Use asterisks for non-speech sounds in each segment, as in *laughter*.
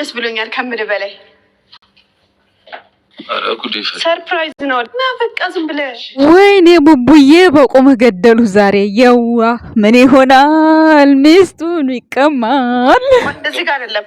ደስ ብሎኛል ከምልህ በላይ ሰርፕራይዝ ነው እና በቃ ዝም ብለሽ ወይኔ ቡቡዬ በቁምህ ገደሉ ዛሬ የዋ ምን ይሆናል ሚስቱን ይቀማል እንደዚህ ጋር አይደለም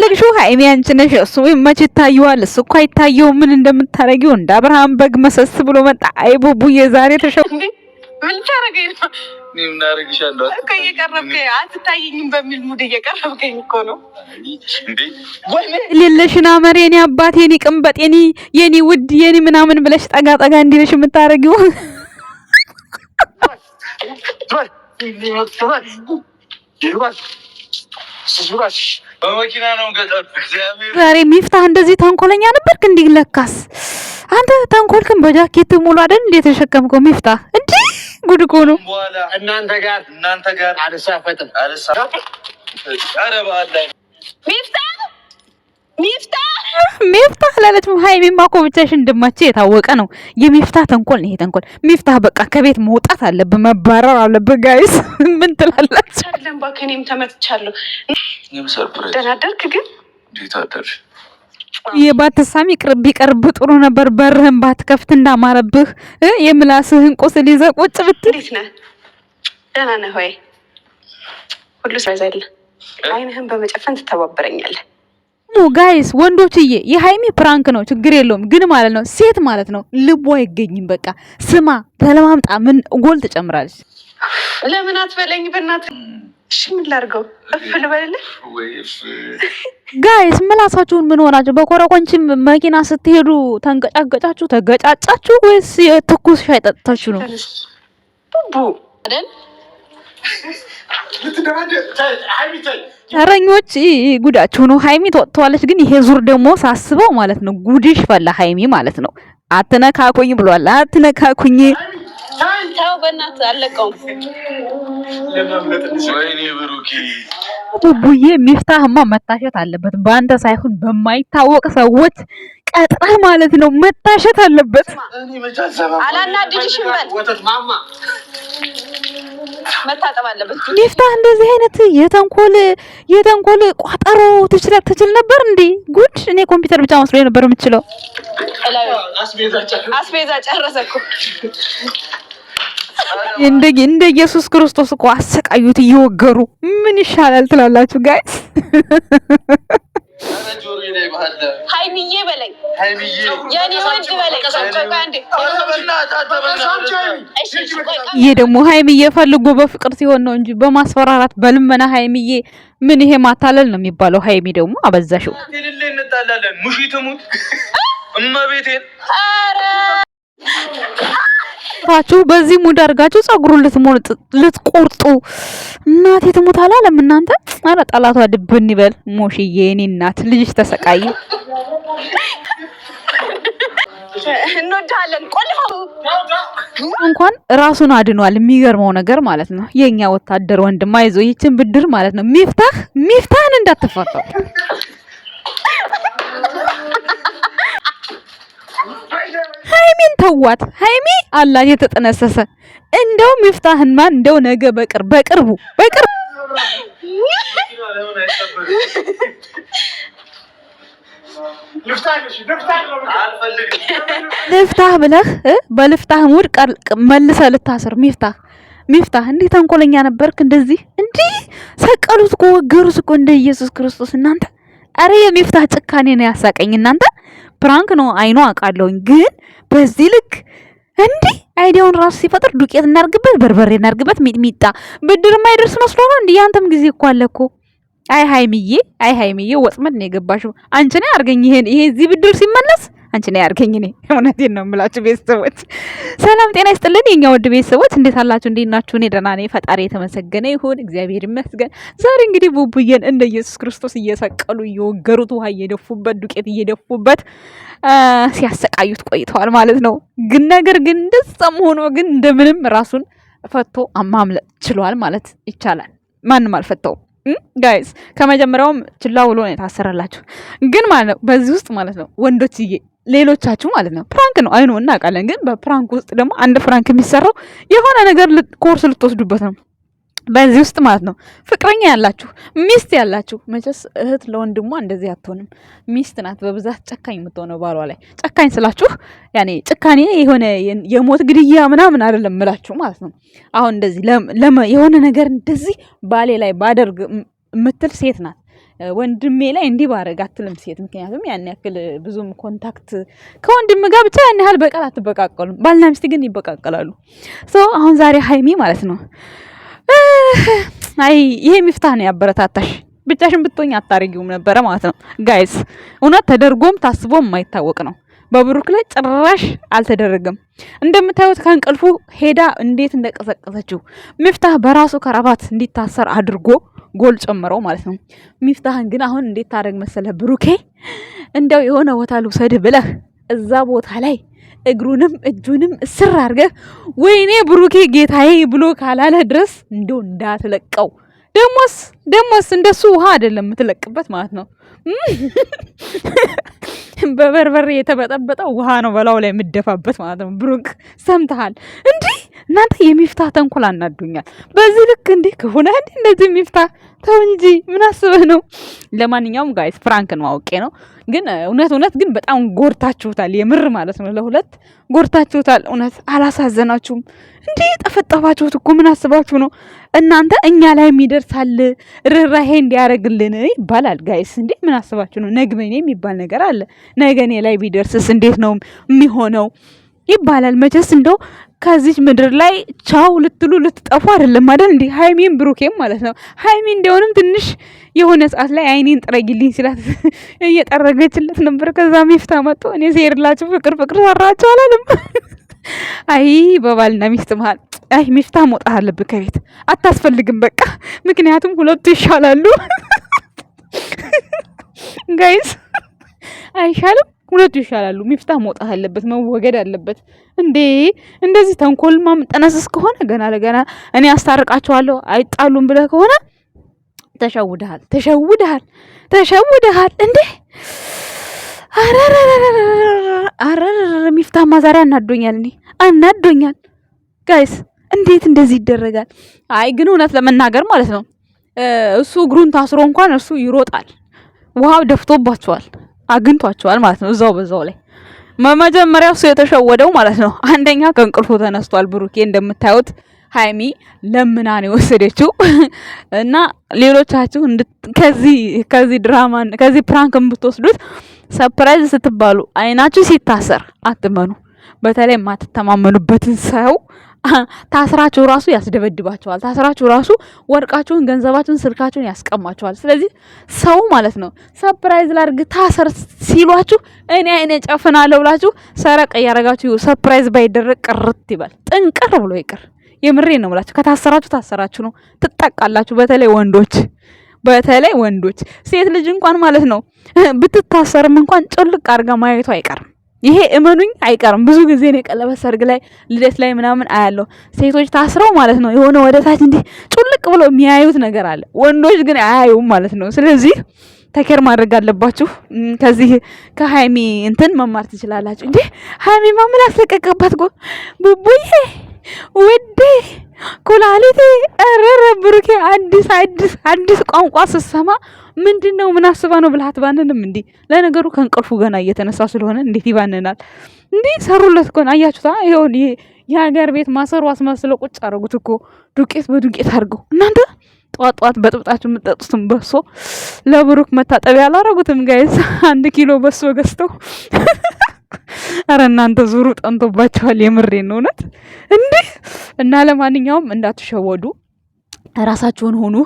ልቅሹ ሀይሜ አንቺ ነሽ እሱ መች ይታየዋል እሱ እኮ አይታየው ምን እንደምታረጊው እንደ አብርሃም በግ መሰስ ብሎ መጣ አይ ቡቡዬ ዛሬ ተሸ ምን ታደርገኝ ነው? ምን አደርግሻለሁ እኮ እየቀረብከኝ አትታየኝም በሚል ሙድ እየቀረብከኝ እኮ ነው ሌለሽን አመር የኔ አባት፣ የኔ ቅንበጥ፣ የኔ የኔ ውድ፣ የኔ ምናምን ብለሽ ጠጋ ጠጋ እንዲለሽ የምታደርጊው በመኪና ነው ገጠር። እግዚአብሔር ዛሬ ሚፍታህ እንደዚህ ተንኮለኛ ነበርክ? እንዲህ ለካስ አንተ ተንኮልክን በጃኬት ሙሉ አይደል እንዴ ተሸከምከው? ሚፍታ እንዴ ጉድ እኮ ነው። እናንተ ጋር እናንተ ጋር አልሳፈጥም አልሳፈጥም። ኧረ በዓል ላይ ሚፍታ ሚፍታህ ላለች ሀይሚማ እኮ ብቻሽን እንደማትችይ የታወቀ ነው። የሚፍታህ ተንኮል ነው ይሄ ተንኮል። ሚፍታህ በቃ ከቤት መውጣት አለብህ፣ መባረር አለብህ። ጋይስ *laughs* ምን ትላላችሁ? እኔም ተመትቻለሁ። ደህና አደርክ ግን የባትሳሚ ቅርብ ይቀርብ ጥሩ ነበር። በርህን ባትከፍት እንዳማረብህ የምላስህን ቁስል ይዘህ ቁጭ ብትል ደህና ነህ ወይ? ሁሉ አይንህን በመጨፈን ትተባበረኛለህ ደግሞ ጋይስ ወንዶችዬ የሀይሚ ፕራንክ ነው፣ ችግር የለውም። ግን ማለት ነው ሴት ማለት ነው ልቦ አይገኝም። በቃ ስማ ተለማምጣ ምን ጎል ትጨምራለች። ለምን አትበለኝ በእናትህ? እሺ ምን ላርገው? እፍል በልል ጋይስ ምላሳችሁን ምን ሆናችሁ? በኮረኮንችም መኪና ስትሄዱ ተንገጫገጫችሁ፣ ተገጫጫችሁ ወይስ የትኩስ ሻይ ጠጥታችሁ ነው? ቡ አይደል ተረኞች ጉዳቸው ነው። ሀይሚ ተወጥተዋለች። ግን ይሄ ዙር ደግሞ ሳስበው ማለት ነው ጉድሽ ፈላ ሀይሚ ማለት ነው። አትነካኩኝ ብሏል። አትነካኩኝ ታው በእናት አለቀው ቡዬ ሚፍታህማ መታሸት አለበት። በአንተ ሳይሆን በማይታወቅ ሰዎች ቀጥራ ማለት ነው መታሸት አለበት። አላናድድሽም በል መታጠብ አለበት። ሊፍታህ እንደዚህ አይነት የተንኮል የተንኮል ቋጠሮ ትችላ ትችል ነበር እንዴ? ጉድ! እኔ ኮምፒውተር ብቻ መስሎ ነበር የምችለው። አስቤዛ ጨረሰ እንደ እንደ ኢየሱስ ክርስቶስ እኮ አሰቃዩት እየወገሩ ምን ይሻላል ትላላችሁ ጋይስ? ሀይሚዬ በለኝ፣ ይህ ደግሞ ሀይሚዬ ፈልጎ በፍቅር ሲሆን ነው እንጂ በማስፈራራት በልመና ሀይሚዬ ምን ይሄ ማታለል ነው የሚባለው። ሀይሚ ደግሞ አበዛሽው። እመቤቴን ጭራችሁ በዚህ ሙድ አድርጋችሁ ጸጉሩን ልትቆርጡ እናት ትሙት አላለም። እናንተ ኧረ ጠላቷ ድብን ይበል። ሞሽዬ እኔ እናት ልጅሽ ተሰቃይ። እንኳን ራሱን አድኗል። የሚገርመው ነገር ማለት ነው የእኛ ወታደር ወንድም አይዞ ይችን ብድር ማለት ነው ሚፍታህ ሚፍታህን እንዳትፈራው ሀይሚን ተዋት። ሀይሚ አላት የተጠነሰሰ እንደው ማን እንደው ነገ በቅርብ በቅርቡ በቅርብ ልፍታህ ብለህ በልፍታህ ሙድ መልሰ ልታስር ሚፍታህ ሚፍታህ እንዲህ ተንኮለኛ ነበርክ። እንደዚህ እንዲህ ሰቀሉት እኮ ወገሩት እኮ እንደ ኢየሱስ ክርስቶስ እናንተ አረ የሚፍታ ጭካኔ ነው ያሳቀኝ። እናንተ ፕራንክ ነው አይኖ አውቃለሁኝ፣ ግን በዚህ ልክ እንዲህ አይዲያውን ራሱ ሲፈጥር ዱቄት እናርግበት፣ በርበሬ እናርግበት፣ ሚጥሚጣ ብድር ማይደርስ መስሎ ነው እንዲህ። ያንተም ጊዜ እኮ አለ እኮ። አይ ሀይሚዬ፣ አይ ሀይሚዬ፣ ወጥመድ ነው የገባሽው አንቺ። ነይ አርገኝ ይሄን ይሄ እዚህ ብድር ሲመለስ አንቺ ነው ያርገኝ። እኔ እውነቴን ነው የምላችሁ ቤተሰቦች። ሰላም ጤና ይስጥልን የኛ ውድ ቤተሰቦች፣ እንዴት አላችሁ? እንዴት ናችሁ? እኔ ደህና ነኝ፣ ፈጣሪ የተመሰገነ ይሁን፣ እግዚአብሔር ይመስገን። ዛሬ እንግዲህ ቡቡዬን እንደ ኢየሱስ ክርስቶስ እየሰቀሉ እየወገሩት፣ ውሃ እየደፉበት፣ ዱቄት እየደፉበት ሲያሰቃዩት ቆይተዋል ማለት ነው። ግን ነገር ግን እንደዛም ሆኖ ግን እንደምንም ራሱን ፈቶ ማምለጥ ችሏል ማለት ይቻላል። ማንም አልፈተውም። ጋይስ ከመጀመሪያውም ችላ ውሎ ነው የታሰረላችሁ። ግን ማለት ነው በዚህ ውስጥ ማለት ነው ወንዶችዬ ሌሎቻችሁ ማለት ነው። ፕራንክ ነው አይኑ እናውቃለን። ግን በፕራንክ ውስጥ ደግሞ አንድ ፕራንክ የሚሰራው የሆነ ነገር ኮርስ ልትወስዱበት ነው በዚህ ውስጥ ማለት ነው። ፍቅረኛ ያላችሁ፣ ሚስት ያላችሁ መቼስ እህት ለወንድሟ እንደዚህ አትሆንም። ሚስት ናት በብዛት ጨካኝ የምትሆነው ባሏ ላይ። ጨካኝ ስላችሁ ያኔ ጭካኔ የሆነ የሞት ግድያ ምናምን አይደለም ምላችሁ ማለት ነው። አሁን እንደዚህ የሆነ ነገር እንደዚህ ባሌ ላይ ባደርግ የምትል ሴት ናት። ወንድሜ ላይ እንዲህ ባረግ አትልም ሴት። ምክንያቱም ያን ያክል ብዙም ኮንታክት ከወንድም ጋር ብቻ ያን ያህል በቃል አትበቃቀሉም። ባልና ሚስት ግን ይበቃቀላሉ። አሁን ዛሬ ሀይሚ ማለት ነው አይ ይሄ ሚፍታህ ነው ያበረታታሽ። ብቻሽን ብትሆኝ አታረጊውም ነበረ ማለት ነው። ጋይስ እውነት ተደርጎም ታስቦም የማይታወቅ ነው። በብሩክ ላይ ጭራሽ አልተደረገም። እንደምታዩት ከእንቅልፉ ሄዳ እንዴት እንደቀሰቀሰችው ሚፍታህ በራሱ ከረባት እንዲታሰር አድርጎ ጎል ጨምረው ማለት ነው። ሚፍታህን ግን አሁን እንዴት ታደረግ መሰለ ብሩኬ እንደው የሆነ ቦታ ልውሰድህ ብለህ እዛ ቦታ ላይ እግሩንም እጁንም እስር አድርገህ ወይኔ ብሩኬ ጌታዬ ብሎ ካላለ ድረስ እንደው እንዳትለቀው። ደሞስ ደሞስ እንደሱ ውሃ አይደለም የምትለቅበት ማለት ነው። በበርበሬ የተበጠበጠ ውሃ ነው በላው ላይ የምደፋበት ማለት ነው። ብሩክ ሰምተሃል እንዲህ እናንተ የሚፍታ ተንኮል አናዱኛል። በዚህ ልክ እንዴ ከሆነ እንዴ እንደዚህ የሚፍታ ተው እንጂ ምን አስበህ ነው? ለማንኛውም ጋይስ ፍራንክ ነው አውቄ ነው፣ ግን እውነት እውነት ግን በጣም ጎርታችሁታል። የምር ማለት ነው ለሁለት ጎርታችሁታል። እውነት አላሳዘናችሁም እንዴ? ጠፈጠፋችሁት እኮ ምን አስባችሁ ነው እናንተ? እኛ ላይ የሚደርሳል ርኅራሄ እንዲያደርግልን ይባላል ጋይስ። እንዴ ምን አስባችሁ ነው? ነግበኔ የሚባል ነገር አለ። ነገኔ ላይ ቢደርስስ እንዴት ነው የሚሆነው ይባላል መቼስ እንደው ከዚች ምድር ላይ ቻው ልትሉ ልትጠፉ አይደለም አይደል? እንዴ? ሀይሚን ብሩኬም ማለት ነው። ሀይሚ እንዲሆንም ትንሽ የሆነ ሰዓት ላይ አይኔን ጥረጊልኝ ሲላት *laughs* እየጠረገችለት ነበር። ከዛ ሚፍታ መጡ። እኔ ሴርላችሁ ፍቅር ፍቅር ሰራችሁ አላለም። *laughs* አይ በባልና ሚስት መሀል አይ ሚፍታ መውጣት አለብን ከቤት አታስፈልግም፣ በቃ ምክንያቱም ሁለቱ ይሻላሉ ጋይስ *laughs* አይሻልም ሁለቱ ይሻላሉ። ሚፍታህ መውጣት አለበት፣ መወገድ አለበት። እንዴ እንደዚህ ተንኮል ማምጠነስስ ከሆነ ገና ለገና እኔ አስታርቃቸዋለሁ አይጣሉም ብለህ ከሆነ ተሸውደሃል፣ ተሸውደሃል፣ ተሸውደሃል። እንዴ አረር ጋይስ እንዴት እንደዚህ ይደረጋል? እውነት ለመናገር ማለት ነው እሱ እግሩን ታስሮ እንኳን እሱ ይሮጣል። ውሃው ደፍቶባቸዋል። አግኝቷቸዋል ማለት ነው። እዛው በዛው ላይ መጀመሪያ እሱ የተሸወደው ማለት ነው። አንደኛ ከእንቅልፎ ተነስቷል ብሩኬ እንደምታዩት ሀይሚ ለምና ነው የወሰደችው። *laughs* እና ሌሎቻችሁ ከዚህ ከዚህ ድራማ ከዚህ ፕራንክ የምትወስዱት ሰፕራይዝ ስትባሉ አይናችሁ ሲታሰር አትመኑ። በተለይ የማትተማመኑበትን ሰው *laughs* ታስራችሁ ራሱ ያስደበድባቸዋል። ታስራችሁ ራሱ ወርቃችሁን፣ ገንዘባችሁን፣ ስልካችሁን ያስቀማቸዋል። ስለዚህ ሰው ማለት ነው ሰፕራይዝ ላድርግ ታሰር ሲሏችሁ እኔ አይኔ ጨፍናለሁ ብላችሁ ሰረቅ እያረጋችሁ ሰፕራይዝ ባይደረግ ቅርት ይባል ጥንቅር ብሎ ይቅር። የምሬ ነው ብላችሁ ከታሰራችሁ ታሰራችሁ ነው፣ ትጠቃላችሁ። በተለይ ወንዶች በተለይ ወንዶች ሴት ልጅ እንኳን ማለት ነው ብትታሰርም እንኳን ጮልቅ አድርጋ ማየቱ አይቀርም። ይሄ እመኑኝ አይቀርም። ብዙ ጊዜ ነው የቀለበት ሰርግ ላይ፣ ልደት ላይ ምናምን አያለሁ። ሴቶች ታስረው ማለት ነው የሆነ ወደታች እንዲህ ጩልቅ ብሎ የሚያዩት ነገር አለ። ወንዶች ግን አያዩም ማለት ነው። ስለዚህ ተኬር ማድረግ አለባችሁ። ከዚህ ከሀይሚ እንትን መማር ትችላላችሁ። እንዴ ሀይሚ ማምን አስለቀቀባት? ጎ ቡቡዬ ውዴ ኩላሊቴ ረረ ብሩኬ፣ አዲስ አዲስ አዲስ ቋንቋ ስትሰማ ምንድን ነው ምን አስባ ነው ብልሃት ባንንም። እንዲ ለነገሩ ከእንቅልፉ ገና እየተነሳ ስለሆነ እንዴት ይባንናል? እንዲ ሰሩለት እኮ አያችሁታ። ይሁን የሀገር ቤት ማሰሩ አስመስለው ቁጭ አደረጉት እኮ ዱቄት በዱቄት አድርገው። እናንተ ጠዋት ጠዋት በጥብጣችሁ የምጠጡትን በሶ ለብሩክ መታጠቢያ አላረጉትም ጋይዝ አንድ ኪሎ በሶ ገዝተው አረ እናንተ ዙሩ ጠንቶባችኋል። የምሬን እውነት እንዴ! እና ለማንኛውም እንዳትሸወዱ ራሳችሁን ሆኑ።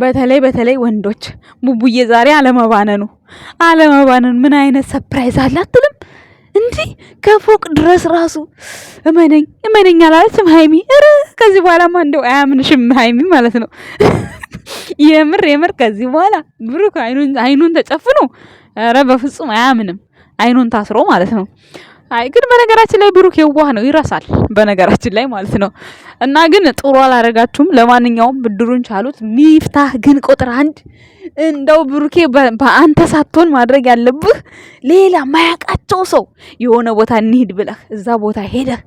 በተለይ በተለይ ወንዶች ቡቡዬ ዛሬ አለመባነኑ አለመባነኑ ምን አይነት ሰፕራይዝ አለ አትልም? እንዲህ ከፎቅ ድረስ ራሱ እመነኝ እመነኝ አላለችም ሀይሚ። ኧረ ከዚህ በኋላ ማ እንደው አያምንሽም ሀይሚ ማለት ነው። የምር የምር ከዚህ በኋላ ብሩክ አይኑን ተጨፍኖ ኧረ በፍጹም አያምንም። አይኑን ታስሮ ማለት ነው። አይ ግን በነገራችን ላይ ብሩክ የዋህ ነው፣ ይረሳል። በነገራችን ላይ ማለት ነው። እና ግን ጥሩ አላደረጋችሁም። ለማንኛውም ብድሩን ቻሉት። ሚፍታህ ግን ቁጥር አንድ እንደው ብሩኬ በአንተ ሳትሆን ማድረግ ያለብህ ሌላ ማያውቃቸው ሰው የሆነ ቦታ እንሂድ ብለህ እዛ ቦታ ሄደህ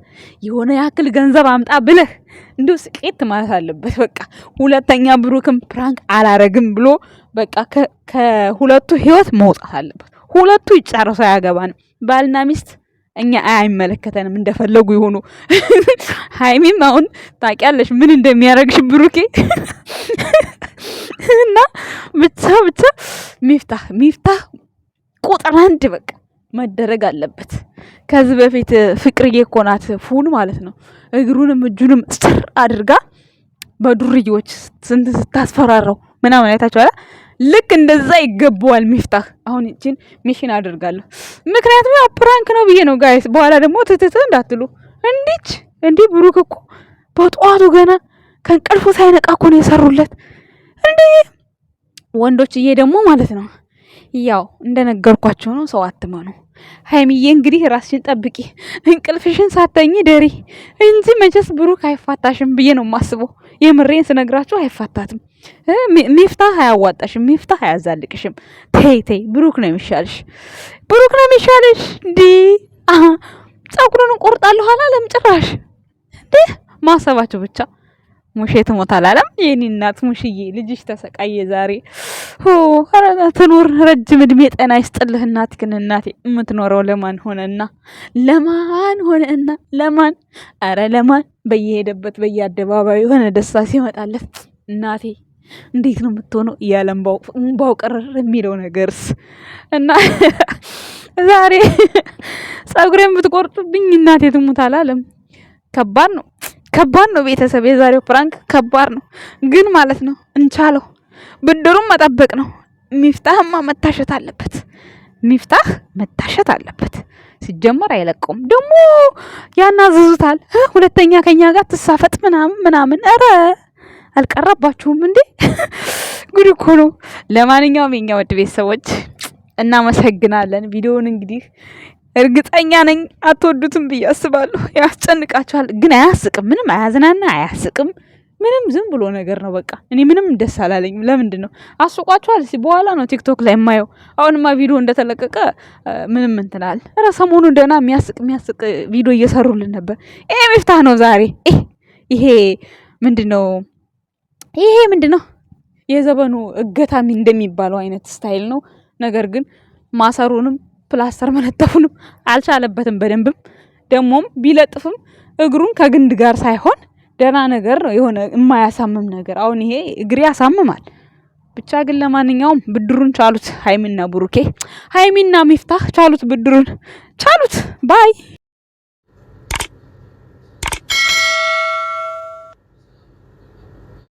የሆነ ያክል ገንዘብ አምጣ ብለህ እንዲሁ ስቄት ማለት አለበት። በቃ ሁለተኛ ብሩክም ፕራንክ አላረግም ብሎ በቃ ከሁለቱ ህይወት መውጣት አለበት። ሁለቱ ይጨርሱ፣ አያገባንም። ባልና ሚስት እኛ አይመለከተንም፣ እንደፈለጉ የሆኑ *laughs* ሀይሚም አሁን ታውቂያለሽ ምን እንደሚያደርግሽ ብሩኬ *laughs* እና ብቻ ብቻ ሚፍታህ ሚፍታህ ቁጥር አንድ በቃ መደረግ አለበት። ከዚህ በፊት ፍቅርዬ እኮ ናት ፉን ማለት ነው። እግሩንም እጁንም ስር አድርጋ በዱርዬዎች ስንት ስታስፈራረው ምናምን አይታችኋላ። ልክ እንደዛ ይገባዋል ሚፍታህ። አሁን እችን ሚሽን አደርጋለሁ፣ ምክንያቱም ያው ፕራንክ ነው ብዬ ነው ጋይስ። በኋላ ደግሞ ትትት እንዳትሉ። እንዲች እንዲህ ብሩክ እኮ በጠዋቱ ገና ከእንቅልፉ ሳይነቃ እኮ ነው የሰሩለት። እንዴ ወንዶችዬ ደግሞ ማለት ነው ያው እንደነገርኳቸው ነው። ሰው አትመኑ። ሀይሚዬ እንግዲህ ራስሽን ጠብቂ፣ እንቅልፍሽን ሳተኝ ደሪ እንጂ መቼስ ብሩክ አይፋታሽም ብዬ ነው የማስበው። የምሬን ስነግራችሁ አይፋታትም። ሚፍታህ አያዋጣሽም፣ ሚፍታህ አያዛልቅሽም። ተይ ተይ፣ ብሩክ ነው የሚሻልሽ፣ ብሩክ ነው የሚሻልሽ። እንዲ ፀጉሩን እንቆርጣለሁ አላለም ጭራሽ። እንዴ ማሰባችሁ ብቻ ሙሼ ትሞት አላለም። የኔ እናት ሙሽዬ ልጅሽ ተሰቃየ ዛሬ። ኧረ ትኑር ረጅም እድሜ ጤና ይስጥልህ። እናት ግን እናቴ የምትኖረው ለማን ሆነና ለማን ሆነና ለማን አረ ለማን በየሄደበት በየአደባባዩ የሆነ ደስታ ሲመጣለት እናቴ እንዴት ነው የምትሆነው? እያለም ባው ቀረር የሚለው ነገርስ እና *laughs* ዛሬ ጸጉሬን ብትቆርጡብኝ እናቴ ትሙት አላለም። ከባድ ነው። ከባድ ነው ቤተሰብ። የዛሬው ፕራንክ ከባድ ነው ግን ማለት ነው እንቻለው። ብድሩም መጠበቅ ነው። ሚፍታህማ መታሸት አለበት። ሚፍታህ መታሸት አለበት። ሲጀመር አይለቀውም ደግሞ ያናዝዙታል። ሁለተኛ ከኛ ጋር ትሳፈጥ ምናምን ምናምን። ኧረ አልቀረባችሁም እንዴ? *laughs* ጉድ እኮ ነው። ለማንኛውም የኛ ውድ ቤተሰቦች እናመሰግናለን። ቪዲዮውን እንግዲህ እርግጠኛ ነኝ አትወዱትም ብዬ አስባለሁ። ያስጨንቃችኋል፣ ግን አያስቅም። ምንም አያዝናና አያስቅም። ምንም ዝም ብሎ ነገር ነው። በቃ እኔ ምንም ደስ አላለኝም። ለምንድን ነው አስቋችኋል? ሲ በኋላ ነው ቲክቶክ ላይ የማየው። አሁንማ ቪዲዮ እንደተለቀቀ ምንም እንትናል። ኧረ ሰሞኑን ደህና የሚያስቅ የሚያስቅ ቪዲዮ እየሰሩልን ነበር። ይሄ ሚፍታህ ነው ዛሬ። ይሄ ምንድን ነው? ይሄ ምንድን ነው? የዘበኑ እገታሚ እንደሚባለው አይነት ስታይል ነው። ነገር ግን ማሰሩንም ፕላስተር መለጠፉንም አልቻለበትም። በደንብም ደግሞም ቢለጥፍም እግሩን ከግንድ ጋር ሳይሆን ደህና ነገር ነው የሆነ የማያሳምም ነገር። አሁን ይሄ እግሬ ያሳምማል። ብቻ ግን ለማንኛውም ብድሩን ቻሉት። ሀይሚና ብሩኬ ሀይሚና ሚፍታህ ቻሉት፣ ብድሩን ቻሉት ባይ